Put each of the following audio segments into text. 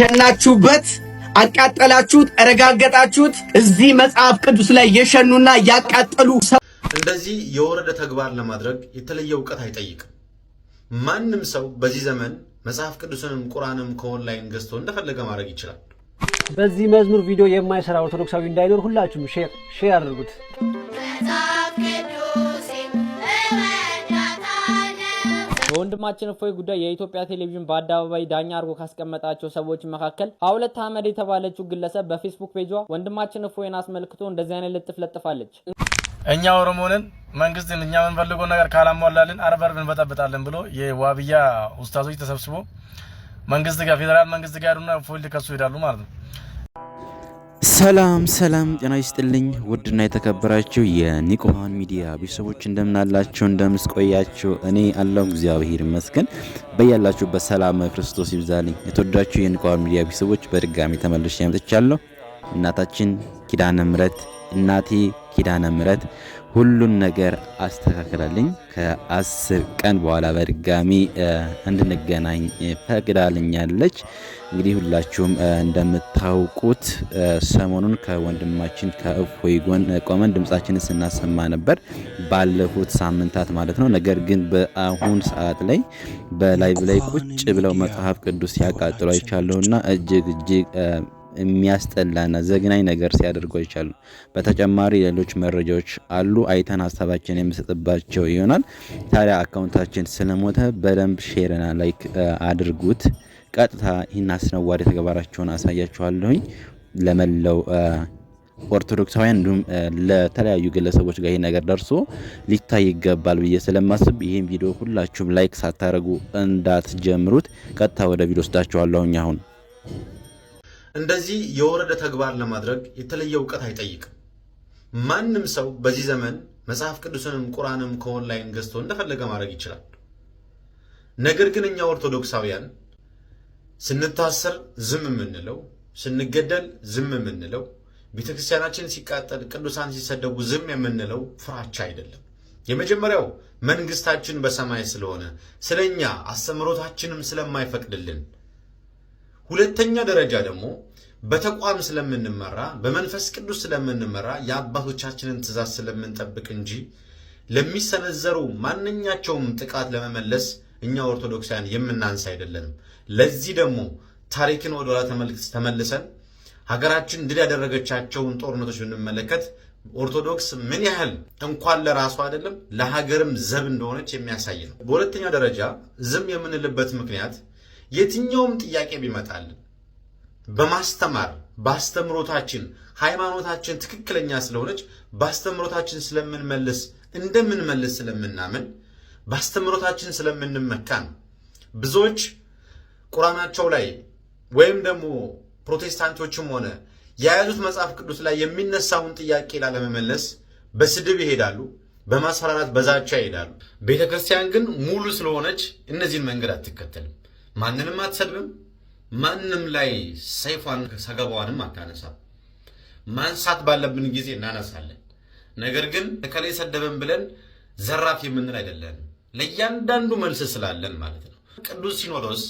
ያሸናችሁበት አቃጠላችሁት፣ ረጋገጣችሁት። እዚህ መጽሐፍ ቅዱስ ላይ የሸኑና ያቃጠሉ እንደዚህ የወረደ ተግባር ለማድረግ የተለየ እውቀት አይጠይቅም። ማንም ሰው በዚህ ዘመን መጽሐፍ ቅዱስንም ቁርአንም ከኦንላይን ገዝቶ እንደፈለገ ማድረግ ይችላል። በዚህ መዝሙር ቪዲዮ የማይሰራ ኦርቶዶክሳዊ እንዳይኖር ሁላችሁም ሼር ሼር አድርጉት። የወንድማችን እፎይ ጉዳይ የኢትዮጵያ ቴሌቪዥን በአደባባይ ዳኛ አድርጎ ካስቀመጣቸው ሰዎች መካከል ሀውለት አህመድ የተባለችው ግለሰብ በፌስቡክ ፔጇ ወንድማችን እፎይን አስመልክቶ እንደዚህ አይነት ልጥፍ ለጥፋለች። እኛ ኦሮሞንን መንግስትን እኛ የምንፈልገው ነገር ካላሟላልን አርብ እንበጠብጣለን ብሎ የዋብያ ውስታዞች ተሰብስቦ መንግስት ጋር ፌዴራል መንግስት ጋር ሄዱና እፎይን ሊከሱ ይሄዳሉ ማለት ነው። ሰላም ሰላም፣ ጤና ይስጥልኝ ውድና የተከበራችሁ የኒቆሃን ሚዲያ ቤተሰቦች እንደምናላችሁ፣ እንደምስቆያችሁ፣ እኔ አለው እግዚአብሔር ይመስገን። በያላችሁበት ሰላም ክርስቶስ ይብዛልኝ። የተወዳችሁ የኒቆሃን ሚዲያ ቤተሰቦች በድጋሚ ተመልሼ መጥቻለሁ። እናታችን ኪዳነ ምሕረት እናቴ ኪዳነ ምሕረት ሁሉን ነገር አስተካከላልኝ። ከአስር ቀን በኋላ በድጋሚ እንድንገናኝ ፈቅዳልኛለች። እንግዲህ ሁላችሁም እንደምታውቁት ሰሞኑን ከወንድማችን ከእፎይ ጎን ቆመን ድምፃችንን ስናሰማ ነበር፣ ባለፉት ሳምንታት ማለት ነው። ነገር ግን በአሁን ሰዓት ላይ በላይቭ ላይ ቁጭ ብለው መጽሐፍ ቅዱስ ሲያቃጥሉ አይቻለሁና እጅግ እጅግ የሚያስጠላና ዘግናኝ ነገር ሲያደርጉ አይቻሉ። በተጨማሪ ሌሎች መረጃዎች አሉ አይተን ሀሳባችን የምሰጥባቸው ይሆናል። ታዲያ አካውንታችን ስለሞተ በደንብ ሼርና ላይክ አድርጉት። ቀጥታ ይህን አስነዋሪ ተግባራቸውን አሳያችኋለሁኝ ለመላው ኦርቶዶክሳውያን እንዲሁም ለተለያዩ ግለሰቦች ጋር ይህ ነገር ደርሶ ሊታይ ይገባል ብዬ ስለማስብ ይህን ቪዲዮ ሁላችሁም ላይክ ሳታደርጉ እንዳትጀምሩት። ቀጥታ ወደ ቪዲዮ ወስዳችኋለሁኝ አሁን እንደዚህ የወረደ ተግባር ለማድረግ የተለየ እውቀት አይጠይቅም። ማንም ሰው በዚህ ዘመን መጽሐፍ ቅዱስንም ቁርአንም ከኦንላይን ገዝቶ እንደፈለገ ማድረግ ይችላል። ነገር ግን እኛ ኦርቶዶክሳውያን ስንታሰር ዝም የምንለው፣ ስንገደል ዝም የምንለው፣ ቤተክርስቲያናችን ሲቃጠል፣ ቅዱሳን ሲሰደቡ ዝም የምንለው ፍራቻ አይደለም። የመጀመሪያው መንግስታችን በሰማይ ስለሆነ ስለኛ አስተምህሮታችንም ስለማይፈቅድልን፣ ሁለተኛ ደረጃ ደግሞ በተቋም ስለምንመራ በመንፈስ ቅዱስ ስለምንመራ የአባቶቻችንን ትእዛዝ ስለምንጠብቅ እንጂ ለሚሰነዘሩ ማንኛቸውም ጥቃት ለመመለስ እኛ ኦርቶዶክሳውያን የምናንስ አይደለንም። ለዚህ ደግሞ ታሪክን ወደኋላ ተመልሰን ሀገራችን ድል ያደረገቻቸውን ጦርነቶች ብንመለከት ኦርቶዶክስ ምን ያህል እንኳን ለራሱ አይደለም ለሀገርም ዘብ እንደሆነች የሚያሳይ ነው። በሁለተኛ ደረጃ ዝም የምንልበት ምክንያት የትኛውም ጥያቄ ቢመጣልን በማስተማር ባስተምሮታችን ሃይማኖታችን ትክክለኛ ስለሆነች ባስተምሮታችን ስለምንመልስ እንደምንመልስ ስለምናምን ባስተምሮታችን ስለምንመካ ነው። ብዙዎች ቁራናቸው ላይ ወይም ደግሞ ፕሮቴስታንቶችም ሆነ የያዙት መጽሐፍ ቅዱስ ላይ የሚነሳውን ጥያቄ ላለመመለስ በስድብ ይሄዳሉ፣ በማስፈራራት በዛቻ ይሄዳሉ። ቤተ ክርስቲያን ግን ሙሉ ስለሆነች እነዚህን መንገድ አትከተልም። ማንንም አትሰድብም። ማንም ላይ ሰይፏን ሰገባዋንም አታነሳም። ማንሳት ባለብን ጊዜ እናነሳለን። ነገር ግን ከላይ ሰደበን ብለን ዘራፍ የምንል አይደለን። ለእያንዳንዱ መልስ ስላለን ማለት ነው። ቅዱስ ሲኖዶስ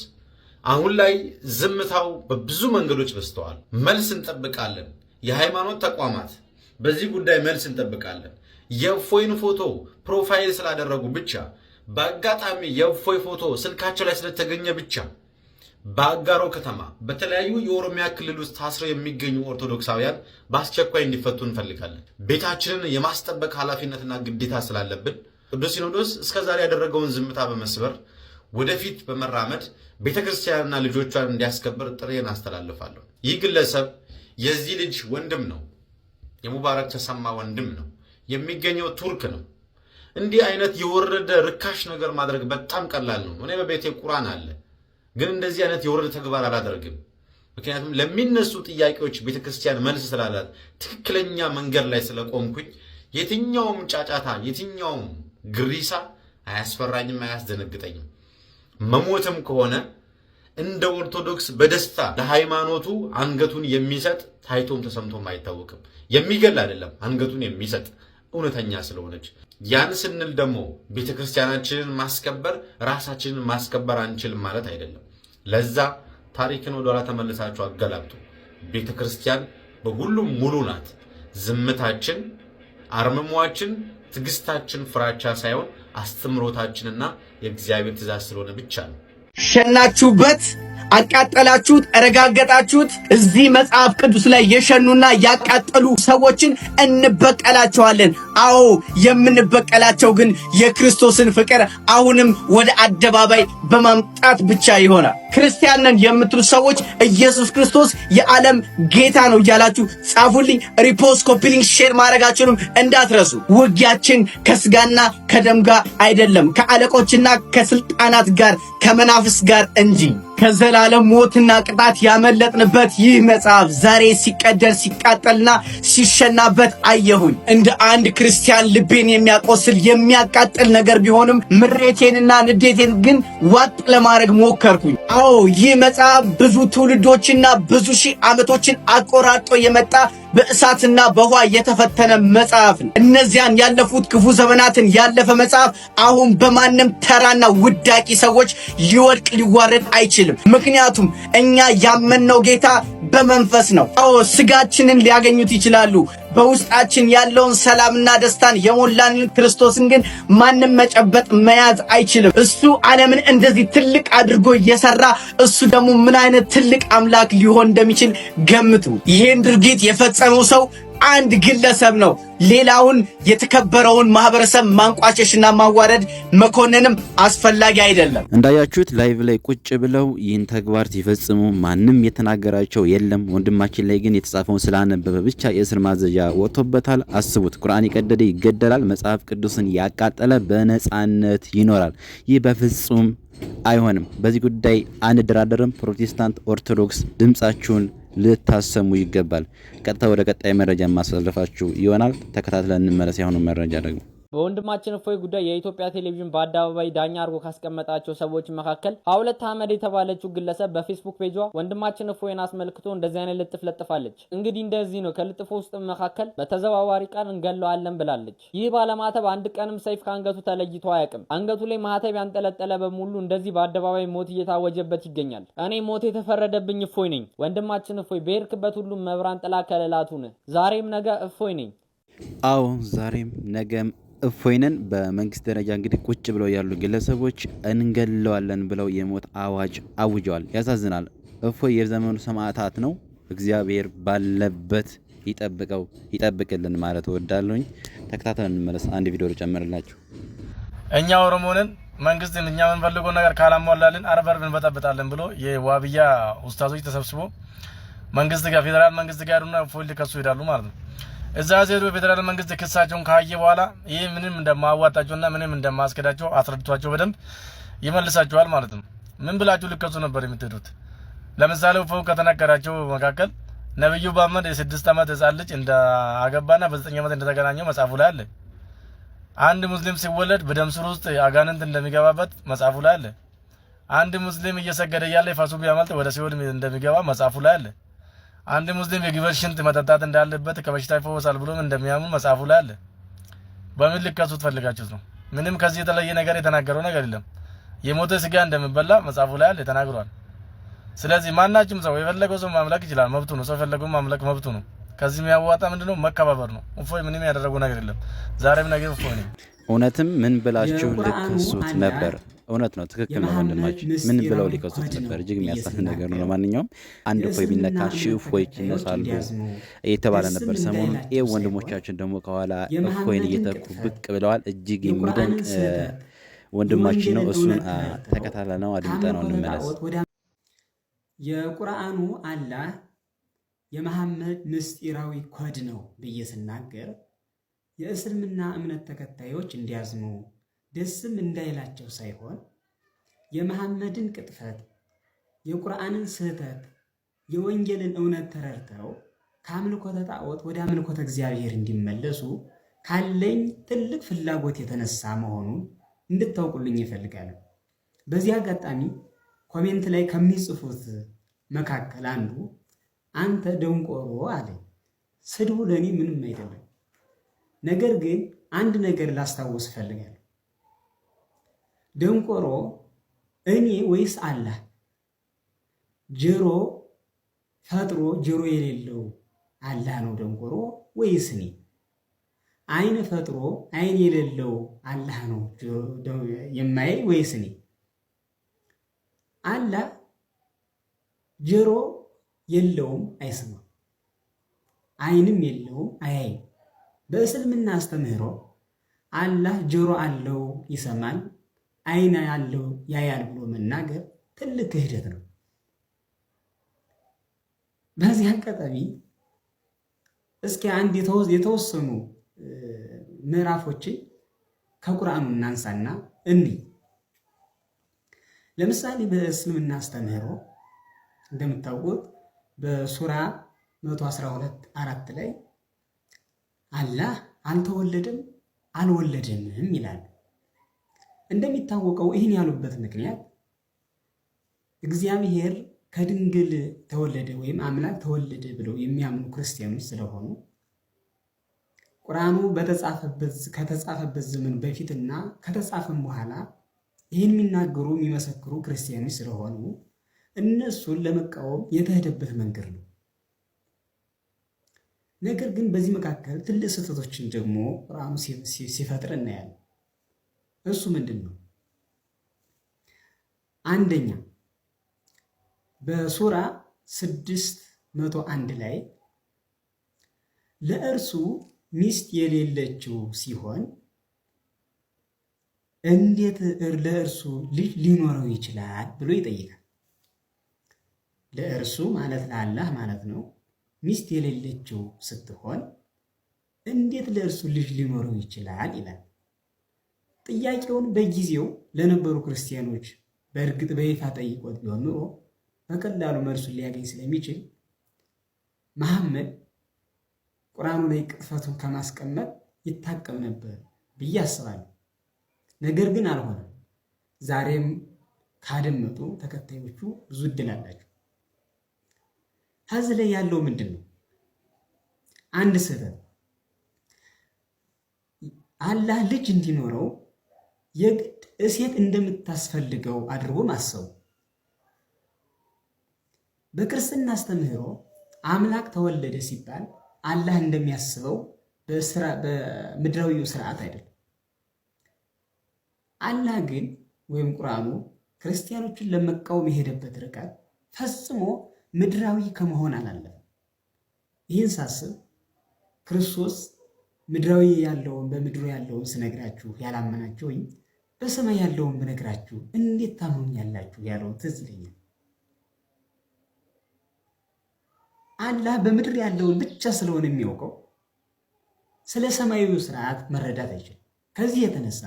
አሁን ላይ ዝምታው በብዙ መንገዶች በስተዋል መልስ እንጠብቃለን። የሃይማኖት ተቋማት በዚህ ጉዳይ መልስ እንጠብቃለን። የእፎይን ፎቶ ፕሮፋይል ስላደረጉ ብቻ በአጋጣሚ የእፎይ ፎቶ ስልካቸው ላይ ስለተገኘ ብቻ በአጋሮ ከተማ በተለያዩ የኦሮሚያ ክልል ውስጥ ታስረው የሚገኙ ኦርቶዶክሳውያን በአስቸኳይ እንዲፈቱ እንፈልጋለን። ቤታችንን የማስጠበቅ ኃላፊነትና ግዴታ ስላለብን ቅዱስ ሲኖዶስ እስከዛሬ ያደረገውን ዝምታ በመስበር ወደፊት በመራመድ ቤተ ክርስቲያንና ልጆቿን እንዲያስከብር ጥሬን አስተላልፋለሁ። ይህ ግለሰብ የዚህ ልጅ ወንድም ነው፣ የሙባረክ ተሰማ ወንድም ነው፣ የሚገኘው ቱርክ ነው። እንዲህ አይነት የወረደ ርካሽ ነገር ማድረግ በጣም ቀላል ነው። እኔ በቤቴ ቁራን አለ ግን እንደዚህ አይነት የወረደ ተግባር አላደርግም። ምክንያቱም ለሚነሱ ጥያቄዎች ቤተክርስቲያን መልስ ስላላት ትክክለኛ መንገድ ላይ ስለቆምኩኝ የትኛውም ጫጫታ፣ የትኛውም ግሪሳ አያስፈራኝም፣ አያስደነግጠኝም። መሞትም ከሆነ እንደ ኦርቶዶክስ በደስታ ለሃይማኖቱ አንገቱን የሚሰጥ ታይቶም ተሰምቶም አይታወቅም። የሚገል አይደለም፣ አንገቱን የሚሰጥ እውነተኛ ስለሆነች። ያን ስንል ደግሞ ቤተክርስቲያናችንን ማስከበር ራሳችንን ማስከበር አንችልም ማለት አይደለም። ለዛ ታሪክን ወደኋላ ተመልሳችሁ አገላብጡ። ቤተ ክርስቲያን በሁሉም ሙሉ ናት። ዝምታችን፣ አርምሟችን፣ ትግስታችን ፍራቻ ሳይሆን አስተምሮታችንና የእግዚአብሔር ትእዛዝ ስለሆነ ብቻ ነው። ሸናችሁበት። አቃጠላችሁት፣ ረጋገጣችሁት። እዚህ መጽሐፍ ቅዱስ ላይ የሸኑና ያቃጠሉ ሰዎችን እንበቀላቸዋለን። አዎ የምንበቀላቸው ግን የክርስቶስን ፍቅር አሁንም ወደ አደባባይ በማምጣት ብቻ ይሆናል። ክርስቲያን ነን የምትሉ ሰዎች ኢየሱስ ክርስቶስ የዓለም ጌታ ነው እያላችሁ ጻፉልኝ። ሪፖስት፣ ኮፒሊንግ፣ ሼር ማድረጋችሁንም እንዳትረሱ። ውጊያችን ከስጋና ከደም ጋር አይደለም፣ ከአለቆችና ከስልጣናት ጋር ከመናፍስ ጋር እንጂ ከዘላለም ሞትና ቅጣት ያመለጥንበት ይህ መጽሐፍ ዛሬ ሲቀደር ሲቃጠልና ሲሸናበት አየሁኝ። እንደ አንድ ክርስቲያን ልቤን የሚያቆስል የሚያቃጥል ነገር ቢሆንም ምሬቴንና ንዴቴን ግን ዋጥ ለማድረግ ሞከርኩኝ። አዎ ይህ መጽሐፍ ብዙ ትውልዶችና ብዙ ሺህ ዓመቶችን አቆራርጦ የመጣ በእሳትና በውሃ የተፈተነ መጽሐፍ ነው። እነዚያን ያለፉት ክፉ ዘመናትን ያለፈ መጽሐፍ አሁን በማንም ተራና ውዳቂ ሰዎች ሊወድቅ ሊዋረድ አይችልም። ምክንያቱም እኛ ያመንነው ጌታ በመንፈስ ነው። አዎ ስጋችንን ሊያገኙት ይችላሉ በውስጣችን ያለውን ሰላምና ደስታን የሞላንን ክርስቶስን ግን ማንም መጨበጥ መያዝ አይችልም። እሱ ዓለምን እንደዚህ ትልቅ አድርጎ እየሰራ እሱ ደግሞ ምን አይነት ትልቅ አምላክ ሊሆን እንደሚችል ገምቱ። ይህን ድርጊት የፈጸመው ሰው አንድ ግለሰብ ነው። ሌላውን የተከበረውን ማህበረሰብ ማንቋሸሽና ማዋረድ መኮንንም አስፈላጊ አይደለም። እንዳያችሁት ላይቭ ላይ ቁጭ ብለው ይህን ተግባር ሲፈጽሙ ማንም የተናገራቸው የለም። ወንድማችን ላይ ግን የተጻፈውን ስላነበበ ብቻ የእስር ማዘዣ ወጥቶበታል። አስቡት፣ ቁርአን የቀደደ ይገደላል፣ መጽሐፍ ቅዱስን ያቃጠለ በነጻነት ይኖራል። ይህ በፍጹም አይሆንም። በዚህ ጉዳይ አንደራደርም። ፕሮቴስታንት፣ ኦርቶዶክስ ድምጻችሁን ልታሰሙ ይገባል። ቀጥታ ወደ ቀጣይ መረጃ የማሳልፋችሁ ይሆናል። ተከታትለን እንመለስ። ያሁኑ መረጃ ደግሞ በወንድማችን እፎይ ጉዳይ የኢትዮጵያ ቴሌቪዥን በአደባባይ ዳኛ አድርጎ ካስቀመጣቸው ሰዎች መካከል ሀውለት አህመድ የተባለችው ግለሰብ በፌስቡክ ፔጇ ወንድማችን እፎይን አስመልክቶ እንደዚህ አይነት ልጥፍ ለጥፋለች። እንግዲህ እንደዚህ ነው። ከልጥፎ ውስጥ መካከል በተዘዋዋሪ ቀን እንገለዋለን ብላለች። ይህ ባለማተብ አንድ ቀንም ሰይፍ ከአንገቱ ተለይቶ አያውቅም። አንገቱ ላይ ማህተብ ያንጠለጠለ በሙሉ እንደዚህ በአደባባይ ሞት እየታወጀበት ይገኛል። እኔ ሞት የተፈረደብኝ እፎይ ነኝ። ወንድማችን እፎይ በሄድክበት ሁሉም መብራን ጥላ ከለላቱን ዛሬም ነገ እፎይ ነኝ። አዎ ዛሬም ነገም እፎይንን በመንግስት ደረጃ እንግዲህ ቁጭ ብለው ያሉ ግለሰቦች እንገለዋለን ብለው የሞት አዋጅ አውጀዋል። ያሳዝናል። እፎይ የዘመኑ ሰማዕታት ነው። እግዚአብሔር ባለበት ይጠብቀው ይጠብቅልን ማለት እወዳለሁኝ። ተከታተል እንመለስ። አንድ ቪዲዮ ልጨምርላችሁ። እኛ ኦሮሞንን መንግስትን እኛ የምንፈልገው ነገር ካላሟላልን አርብ አርብ እንበጠብጣለን ብሎ የዋብያ ውስታዞች ተሰብስቦ መንግስት ጋር ፌዴራል መንግስት ጋር ሄዱና እፎይን ሊከሱ ይሄዳሉ ማለት ነው። እዛ ሴቱ በፌዴራል መንግስት ክሳቸውን ካየ በኋላ ይህ ምንም እንደማዋጣቸውና ምንም እንደማያስኬዳቸው አስረድቷቸው በደንብ ይመልሳቸዋል ማለት ነው። ምን ብላችሁ ልከሱ ነበር የምትሄዱት? ለምሳሌ ፎ ከተነገራቸው መካከል ነቢዩ ባመድ የስድስት ዓመት ህፃን ልጅ እንዳገባና በዘጠኝ ዓመት እንደተገናኘው መጽሐፉ ላይ አለ። አንድ ሙስሊም ሲወለድ በደም ስር ውስጥ አጋንንት እንደሚገባበት መጽሐፉ ላይ አለ። አንድ ሙስሊም እየሰገደ እያለ ፈሱ ቢያመልጥ ወደ ሲኦል እንደሚገባ መጽሐፉ ላይ አለ። አንድ ሙስሊም የግመል ሽንት መጠጣት እንዳለበት ከበሽታ ይፈወሳል ብሎም እንደሚያምን መጽሐፉ ላይ አለ። በምን ልከሱ ትፈልጋችሁት ነው? ምንም ከዚህ የተለየ ነገር የተናገረው ነገር የለም። የሞተ ስጋ እንደሚበላ መጽሐፉ ላይ አለ ተናግሯል። ስለዚህ ማናችም ሰው የፈለገው ሰው ማምለክ ይችላል፣ መብቱ ነው። ሰው የፈለገው ማምለክ መብቱ ነው። ከዚህ የሚያዋጣ ምንድነው? መከባበር ነው። እፎይ ምንም ያደረጉ ነገር የለም። ዛሬም ነገር እፎይ ነው። እውነትም ምን ብላችሁ ልከሱት ነበር? እውነት ነው፣ ትክክል ነው ወንድማች። ምን ብለው ሊከሱት ነበር? እጅግ የሚያሳዝን ነገር ነው። ለማንኛውም አንድ እፎይ የሚነካ ሺህ እፎዮች ይነሳሉ እየተባለ ነበር ሰሞኑን። ይህ ወንድሞቻችን ደግሞ ከኋላ እፎይን እየተኩ ብቅ ብለዋል። እጅግ የሚደንቅ ወንድማችን ነው። እሱን ተከታለ ነው አድምጠ ነው እንመለስ። የቁርአኑ አላህ የመሐመድ ምስጢራዊ ኮድ ነው ብዬ ስናገር የእስልምና እምነት ተከታዮች እንዲያዝኑ ደስም እንዳይላቸው ሳይሆን የመሐመድን ቅጥፈት፣ የቁርአንን ስህተት፣ የወንጌልን እውነት ተረድተው ከአምልኮተ ጣዖት ወደ አምልኮተ እግዚአብሔር እንዲመለሱ ካለኝ ትልቅ ፍላጎት የተነሳ መሆኑን እንድታውቁልኝ ይፈልጋል። በዚህ አጋጣሚ ኮሜንት ላይ ከሚጽፉት መካከል አንዱ አንተ ደንቆሮ አለ። ስድቡ ለእኔ ምንም አይደለም። ነገር ግን አንድ ነገር ላስታውስ እፈልጋለሁ። ደንቆሮ እኔ ወይስ አላህ? ጆሮ ፈጥሮ ጆሮ የሌለው አላህ ነው ደንቆሮ ወይስ እኔ? አይን ፈጥሮ አይን የሌለው አላህ ነው የማይ ወይስ እኔ? አላህ ጆሮ የለውም አይሰማም፣ አይንም የለውም አያይም። በእስልምና አስተምህሮ አላህ ጆሮ አለው ይሰማል አይን ያለው ያያል ብሎ መናገር ትልቅ ክህደት ነው። በዚህ አጋጣሚ እስኪ አንድ የተወሰኑ ምዕራፎችን ከቁርአኑ እናንሳና እንይ። ለምሳሌ በእስልምና አስተምህሮ እንደምታውቁት በሱራ 112 አራት ላይ አላህ አልተወለደም አልወለደምም ይላል። እንደሚታወቀው ይህን ያሉበት ምክንያት እግዚአብሔር ከድንግል ተወለደ ወይም አምላክ ተወለደ ብለው የሚያምኑ ክርስቲያኖች ስለሆኑ ቁርአኑ ከተጻፈበት ዘመን በፊትና ከተጻፈም በኋላ ይህን የሚናገሩ የሚመሰክሩ ክርስቲያኖች ስለሆኑ እነሱን ለመቃወም የተሄደበት መንገድ ነው። ነገር ግን በዚህ መካከል ትልቅ ስህተቶችን ደግሞ ቁርአኑ ሲፈጥር እናያለን። እሱ ምንድን ነው? አንደኛ በሱራ ስድስት መቶ አንድ ላይ ለእርሱ ሚስት የሌለችው ሲሆን እንዴት ለእርሱ ልጅ ሊኖረው ይችላል ብሎ ይጠይቃል። ለእርሱ ማለት ለአላህ ማለት ነው። ሚስት የሌለችው ስትሆን እንዴት ለእርሱ ልጅ ሊኖረው ይችላል ይላል። ጥያቄውን በጊዜው ለነበሩ ክርስቲያኖች በእርግጥ በይፋ ጠይቆት ቢሆን ኑሮ በቀላሉ መልሱን ሊያገኝ ስለሚችል መሐመድ ቁርአኑ ላይ ቅጥፈቱን ከማስቀመጥ ይታቀም ነበር ብዬ አስባለሁ። ነገር ግን አልሆነም። ዛሬም ካደመጡ ተከታዮቹ ብዙ እድል አላቸው። ከዚህ ላይ ያለው ምንድን ነው? አንድ ስህተት አላህ ልጅ እንዲኖረው የግድ እሴት እንደምታስፈልገው አድርጎ ማሰቡ። በክርስትና አስተምህሮ አምላክ ተወለደ ሲባል አላህ እንደሚያስበው በምድራዊው ስርዓት አይደለም። አላህ ግን ወይም ቁርአኑ ክርስቲያኖችን ለመቃወም የሄደበት ርቀት ፈጽሞ ምድራዊ ከመሆን አላለም። ይህን ሳስብ ክርስቶስ ምድራዊ ያለውን በምድሩ ያለውን ስነግራችሁ ያላመናችሁኝ በሰማይ ያለውን ብነግራችሁ እንዴት ታምኑኛላችሁ ያለው ትዝ ይለኛል። አላህ በምድር ያለውን ብቻ ስለሆነ የሚያውቀው ስለ ሰማያዊ ስርዓት መረዳት አይችልም። ከዚህ የተነሳ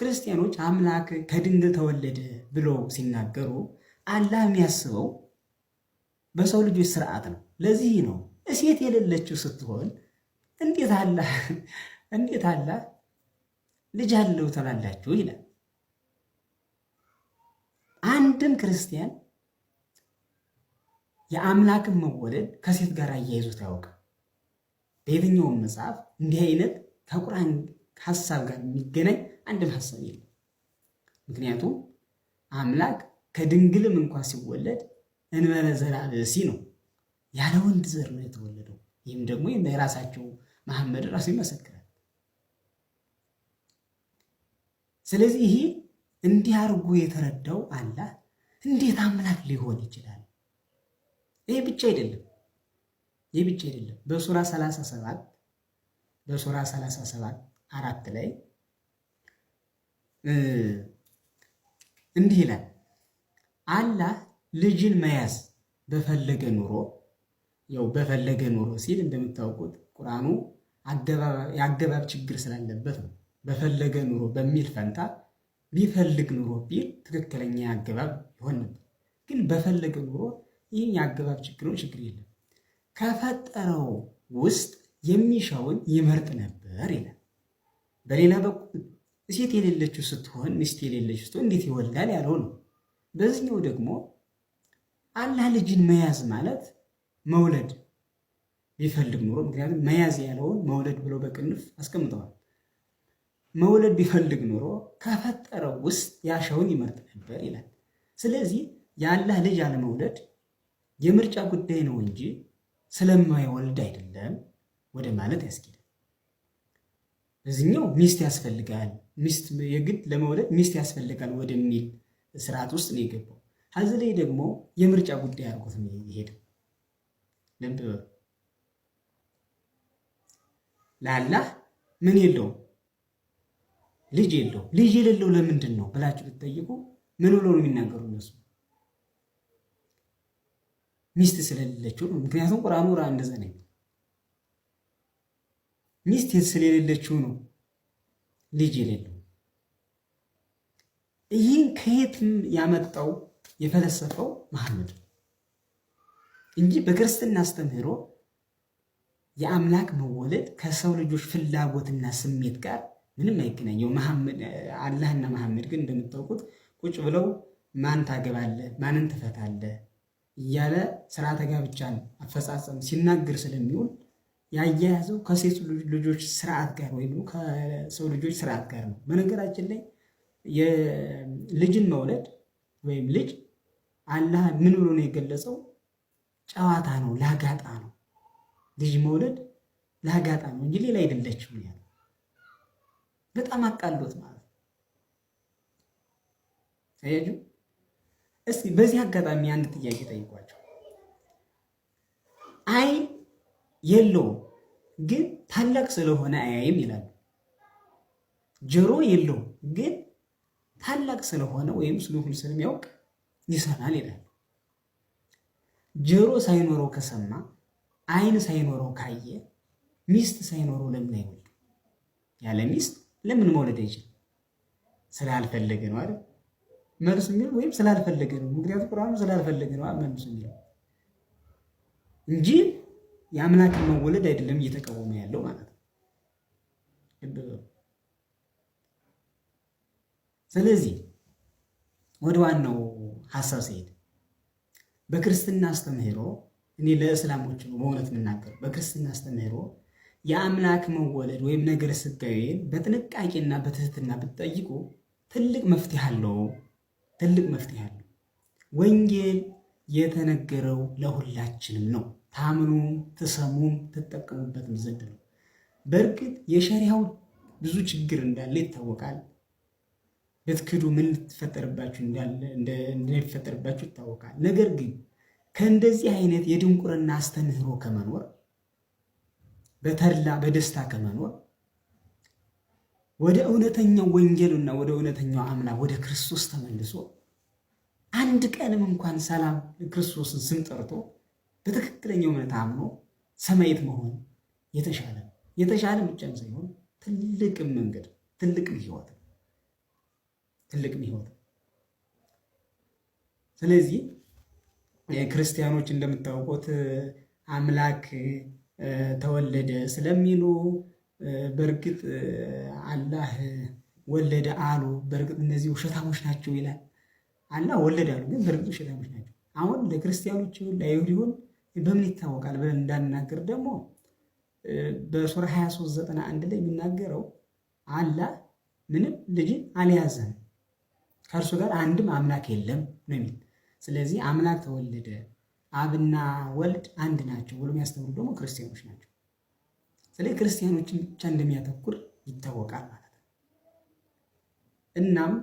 ክርስቲያኖች አምላክ ከድንግል ተወለደ ብለው ሲናገሩ አላህ የሚያስበው በሰው ልጆች ስርዓት ነው። ለዚህ ነው እሴት የሌለችው ስትሆን እንዴት አላህ እንዴት አላህ ልጅ አለው ትላላችሁ ይላል። አንድን ክርስቲያን የአምላክን መወለድ ከሴት ጋር አያይዞት አያውቅም። በየትኛውም መጽሐፍ እንዲህ አይነት ከቁርአን ሀሳብ ጋር የሚገናኝ አንድም ሀሳብ የለም። ምክንያቱም አምላክ ከድንግልም እንኳን ሲወለድ እንበለ ዘላለሲ ነው ያለ ወንድ ዘር ነው የተወለደው። ይህም ደግሞ የራሳቸው መሐመድ ራሱ ይመሰክራል። ስለዚህ ይሄ እንዲህ የተረዳው አላህ እንዴት አምላክ ሊሆን ይችላል? ይህ ብቻ አይደለም፣ ይሄ ብቻ አይደለም። በሱራ 37 በሱራ 37 አራት ላይ እንዲህ ይላል አላህ ልጅን መያዝ በፈለገ ኑሮ ያው በፈለገ ኑሮ ሲል እንደምታውቁት ቁርአኑ የአገባብ ችግር ስላለበት ነው። በፈለገ ኑሮ በሚል ፈንታ ቢፈልግ ኑሮ ቢል ትክክለኛ አገባብ ይሆን ነበር። ግን በፈለገ ኑሮ ይህን የአገባብ ችግር ነው፣ ችግር የለም። ከፈጠረው ውስጥ የሚሻውን ይመርጥ ነበር ይላል። በሌላ በኩል ሴት የሌለችው ስትሆን ሚስት የሌለችው ስትሆን እንዴት ይወልዳል ያለው ነው። በዚህኛው ደግሞ አላህ ልጅን መያዝ ማለት መውለድ ቢፈልግ ኑሮ ምክንያቱም መያዝ ያለውን መውለድ ብለው በቅንፍ አስቀምጠዋል። መውለድ ቢፈልግ ኖሮ ከፈጠረው ውስጥ ያሻውን ይመርጥ ነበር ይላል። ስለዚህ የአላህ ልጅ አለመውለድ የምርጫ ጉዳይ ነው እንጂ ስለማይወልድ አይደለም ወደ ማለት ያስኬዳል። እዚህኛው ሚስት ያስፈልጋል ሚስት የግድ ለመውለድ ሚስት ያስፈልጋል ወደሚል ስርዓት ውስጥ ነው የገባው። ሀዚ ላይ ደግሞ የምርጫ ጉዳይ አድርጎት ነው የሄደው። ለአላህ ምን የለውም ልጅ የለው ልጅ የሌለው ለምንድን ነው ብላችሁ ብትጠይቁ ምን ብሎ ነው የሚናገሩ እነሱ? ሚስት ስለሌለችው ነው። ምክንያቱም ቁርአኑ ራ እንደዛ ነው። ሚስት ስለሌለችው ነው ልጅ የሌለው። ይህን ከየት ያመጣው የፈለሰፈው መሐመድ እንጂ በክርስትና አስተምህሮ የአምላክ መወለድ ከሰው ልጆች ፍላጎትና ስሜት ጋር ምንም አይገናኘው። መሐመድ አላህና መሐመድ ግን እንደምታውቁት ቁጭ ብለው ማን ታገባለህ ማንን ትፈታለህ እያለ ስርዓተ ጋብቻን አፈጻጸም ሲናገር ስለሚውል ያያያዘው ከሴት ልጆች ስርዓት ጋር ወይም ከሰው ልጆች ስርዓት ጋር ነው። በነገራችን ላይ የልጅን መውለድ ወይም ልጅ አላህ ምን ብሎ ነው የገለጸው? ጨዋታ ነው፣ ላጋጣ ነው። ልጅ መውለድ ላጋጣ ነው እንጂ ሌላ አይደለችም ያለው በጣም አቃሎት ማለት ነው እስቲ በዚህ አጋጣሚ አንድ ጥያቄ ጠይቋቸው። አይ የለውም ግን ታላቅ ስለሆነ አያይም ይላሉ። ጆሮ የለውም ግን ታላቅ ስለሆነ ወይም ስለሁሉ ስለሚያውቅ ይሰማል ይላሉ። ጆሮ ሳይኖረው ከሰማ አይን ሳይኖረው ካየ ሚስት ሳይኖረው ለምን አይወልድም? ያለ ሚስት ለምን መውለድ አይችልም? ስላልፈለገ ነው አይደል? መልሱ የሚለው ወይም ስላልፈለገ ነው። ምክንያቱ ቁርአኑ ስላልፈለገ ነው መልሱ የሚለው እንጂ የአምላክን መወለድ አይደለም እየተቃወመ ያለው ማለት ነው። ስለዚህ ወደ ዋናው ሀሳብ ሲሄድ በክርስትና አስተምህሮ እኔ ለእስላሞች በእውነት የምናገረው በክርስትና አስተምህሮ የአምላክ መወለድ ወይም ነገር ስጋዬን በጥንቃቄና በትህትና ብትጠይቁ ትልቅ መፍትሄ አለው። ትልቅ መፍትሄ አለው። ወንጌል የተነገረው ለሁላችንም ነው። ታምኑ ትሰሙም ትጠቀሙበትም ዘንድ ነው። በእርግጥ የሸሪያው ብዙ ችግር እንዳለ ይታወቃል። ልትክዱ ምን ልትፈጠርባችሁ እንደሚፈጠርባችሁ ይታወቃል። ነገር ግን ከእንደዚህ አይነት የድንቁርና አስተምህሮ ከመኖር በተድላ በደስታ ከመኖር ወደ እውነተኛው ወንጌልና ወደ እውነተኛው አምላክ ወደ ክርስቶስ ተመልሶ አንድ ቀንም እንኳን ሰላም ክርስቶስን ስም ጠርቶ በትክክለኛው እውነት አምኖ ሰማየት መሆን የተሻለ የተሻለ ብቻም ሳይሆን ትልቅም መንገድ ትልቅም ህይወት ትልቅም ህይወት። ስለዚህ ክርስቲያኖች እንደምታውቁት አምላክ ተወለደ ስለሚሉ በእርግጥ አላህ ወለደ አሉ። በእርግጥ እነዚህ ውሸታሞች ናቸው ይላል። አላህ ወለደ አሉ፣ ግን በእርግጥ ውሸታሞች ናቸው። አሁን ለክርስቲያኖች ይሁን ለአይሁድ ይሁን በምን ይታወቃል ብለን እንዳንናገር ደግሞ በሱራ 2391 ላይ የሚናገረው አላህ ምንም ልጅን አልያዘም ከእርሱ ጋር አንድም አምላክ የለም ነው የሚል። ስለዚህ አምላክ ተወለደ አብና ወልድ አንድ ናቸው ብሎ የሚያስተምሩ ደግሞ ክርስቲያኖች ናቸው። ስለዚህ ክርስቲያኖችን ብቻ እንደሚያተኩር ይታወቃል ማለት ነው። እናም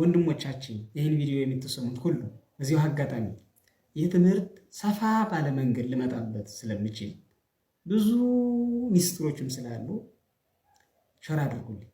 ወንድሞቻችን ይህን ቪዲዮ የምትሰሙት ሁሉ በዚሁ አጋጣሚ ይህ ትምህርት ሰፋ ባለ መንገድ ልመጣበት ስለምችል ብዙ ሚስጥሮችም ስላሉ ሸር አድርጉልኝ።